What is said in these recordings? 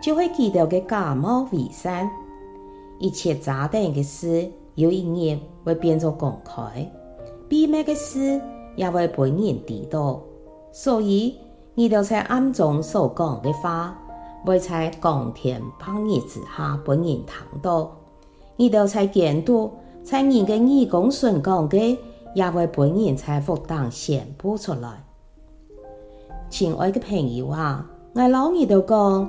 就會記到個假冒偽善，一切炸彈嘅事，有一年會變做公開，秘密嘅事也會被人知道。所以，你哋在暗中所講的話，會在光天白日之下被人聽到；你哋在監督，在人嘅耳恭順講嘅，也會被人在法庭宣布出來。親愛的朋友啊，我老二就講。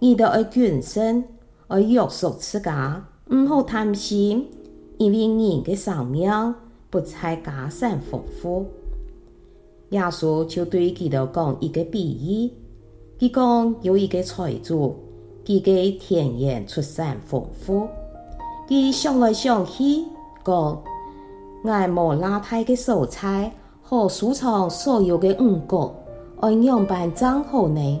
而度要謹慎，要約束自家，唔好貪心，因為人嘅生命不係假善豐富。耶穌就對佢度講一個比喻，佢講有一個財主，佢嘅田園出產豐富，佢想來想去，講愛慕邋遢嘅蔬菜和儲藏所有嘅五穀，安樣辦正好呢？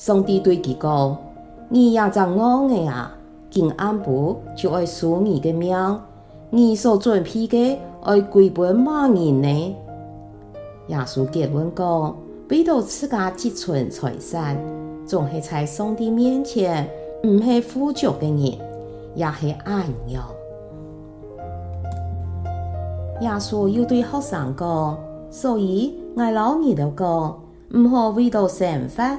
上帝對佢講：“你要真惡個啊！敬安部就愛輸你個命，你所準備個愛歸本罵你呢？”耶穌結論講：“為到自家積存財產，總是在上帝面前唔係富足的人，也係暗料。”耶穌又對學生講：“所以愛老二的講，唔好為到神法。”